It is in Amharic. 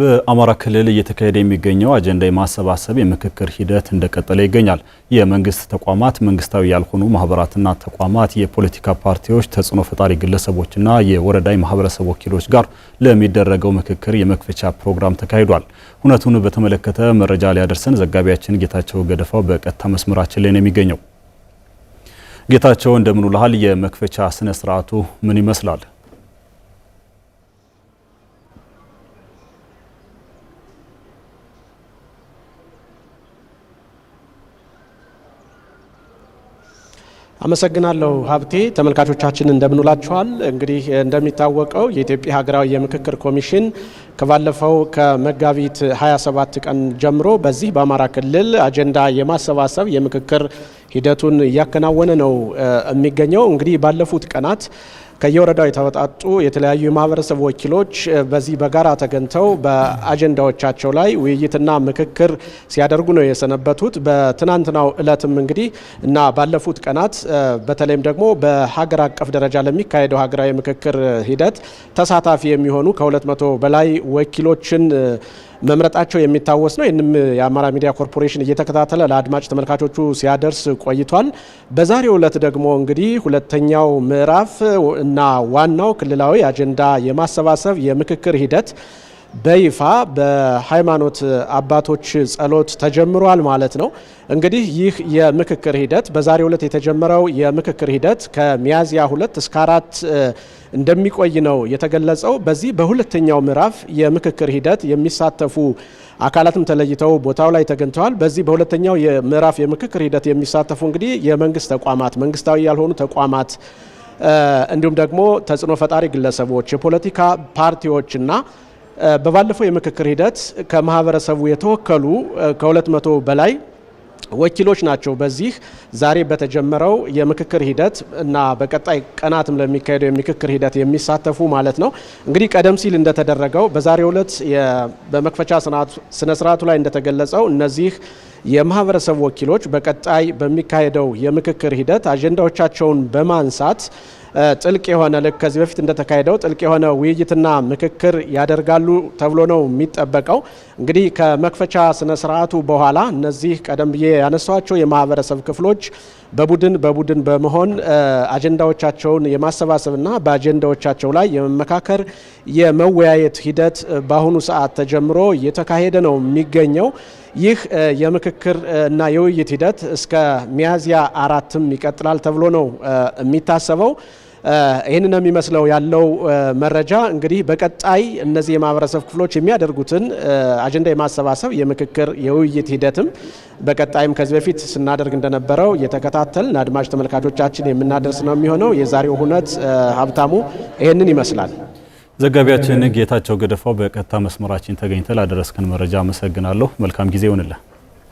በአማራ ክልል እየተካሄደ የሚገኘው አጀንዳ የማሰባሰብ የምክክር ሂደት እንደቀጠለ ይገኛል። የመንግስት ተቋማት፣ መንግስታዊ ያልሆኑ ማህበራትና ተቋማት፣ የፖለቲካ ፓርቲዎች፣ ተጽዕኖ ፈጣሪ ግለሰቦችና የወረዳ የማህበረሰብ ወኪሎች ጋር ለሚደረገው ምክክር የመክፈቻ ፕሮግራም ተካሂዷል። እውነቱን በተመለከተ መረጃ ሊያደርሰን ዘጋቢያችን ጌታቸው ገደፋው በቀጥታ መስመራችን ላይ ነው የሚገኘው። ጌታቸው እንደምን ውለሃል? የመክፈቻ ስነ ስርዓቱ ምን ይመስላል? አመሰግናለሁ ሀብቴ። ተመልካቾቻችን እንደምንውላችኋል። እንግዲህ እንደሚታወቀው የኢትዮጵያ ሀገራዊ የምክክር ኮሚሽን ከባለፈው ከመጋቢት 27 ቀን ጀምሮ በዚህ በአማራ ክልል አጀንዳ የማሰባሰብ የምክክር ሂደቱን እያከናወነ ነው የሚገኘው። እንግዲህ ባለፉት ቀናት ከየወረዳው የተወጣጡ የተለያዩ የማህበረሰብ ወኪሎች በዚህ በጋራ ተገኝተው በአጀንዳዎቻቸው ላይ ውይይትና ምክክር ሲያደርጉ ነው የሰነበቱት። በትናንትናው እለትም እንግዲህ እና ባለፉት ቀናት በተለይም ደግሞ በሀገር አቀፍ ደረጃ ለሚካሄደው ሀገራዊ ምክክር ሂደት ተሳታፊ የሚሆኑ ከሁለት መቶ በላይ ወኪሎችን መምረጣቸው የሚታወስ ነው። ይህንም የአማራ ሚዲያ ኮርፖሬሽን እየተከታተለ ለአድማጭ ተመልካቾቹ ሲያደርስ ቆይቷል። በዛሬው ዕለት ደግሞ እንግዲህ ሁለተኛው ምዕራፍ እና ዋናው ክልላዊ አጀንዳ የማሰባሰብ የምክክር ሂደት በይፋ በሃይማኖት አባቶች ጸሎት ተጀምሯል ማለት ነው። እንግዲህ ይህ የምክክር ሂደት በዛሬው ዕለት የተጀመረው የምክክር ሂደት ከሚያዝያ ሁለት እስከ አራት እንደሚቆይ ነው የተገለጸው። በዚህ በሁለተኛው ምዕራፍ የምክክር ሂደት የሚሳተፉ አካላትም ተለይተው ቦታው ላይ ተገኝተዋል። በዚህ በሁለተኛው ምዕራፍ የምክክር ሂደት የሚሳተፉ እንግዲህ የመንግስት ተቋማት፣ መንግስታዊ ያልሆኑ ተቋማት እንዲሁም ደግሞ ተጽዕኖ ፈጣሪ ግለሰቦች፣ የፖለቲካ ፓርቲዎችና በባለፈው የምክክር ሂደት ከማህበረሰቡ የተወከሉ ከሁለት መቶ በላይ ወኪሎች ናቸው። በዚህ ዛሬ በተጀመረው የምክክር ሂደት እና በቀጣይ ቀናትም ለሚካሄደው የምክክር ሂደት የሚሳተፉ ማለት ነው። እንግዲህ ቀደም ሲል እንደተደረገው በዛሬው ዕለት በመክፈቻ ስነ ላይ እንደተገለጸው እነዚህ የማህበረሰብ ወኪሎች በቀጣይ በሚካሄደው የምክክር ሂደት አጀንዳዎቻቸውን በማንሳት ጥልቅ የሆነ ልክ ከዚህ በፊት እንደተካሄደው ጥልቅ የሆነ ውይይትና ምክክር ያደርጋሉ ተብሎ ነው የሚጠበቀው። እንግዲህ ከመክፈቻ ስነ ስርዓቱ በኋላ እነዚህ ቀደም ብዬ ያነሷቸው የማህበረሰብ ክፍሎች በቡድን በቡድን በመሆን አጀንዳዎቻቸውን የማሰባሰብና በአጀንዳዎቻቸው ላይ የመመካከር የመወያየት ሂደት በአሁኑ ሰዓት ተጀምሮ እየተካሄደ ነው የሚገኘው ይህ የምክክር እና የውይይት ሂደት እስከ ሚያዝያ አራትም ይቀጥላል ተብሎ ነው የሚታሰበው። ይህንን የሚመስለው ያለው መረጃ እንግዲህ በቀጣይ እነዚህ የማህበረሰብ ክፍሎች የሚያደርጉትን አጀንዳ የማሰባሰብ የምክክር የውይይት ሂደትም በቀጣይም ከዚህ በፊት ስናደርግ እንደነበረው እየተከታተልን አድማጭ ተመልካቾቻችን የምናደርስ ነው የሚሆነው። የዛሬው ሁነት ሀብታሙ ይህንን ይመስላል። ዘጋቢያችን ጌታቸው ገደፋው በቀጥታ መስመራችን ተገኝተ ላደረስከን መረጃ አመሰግናለሁ። መልካም ጊዜ ይሆንልን።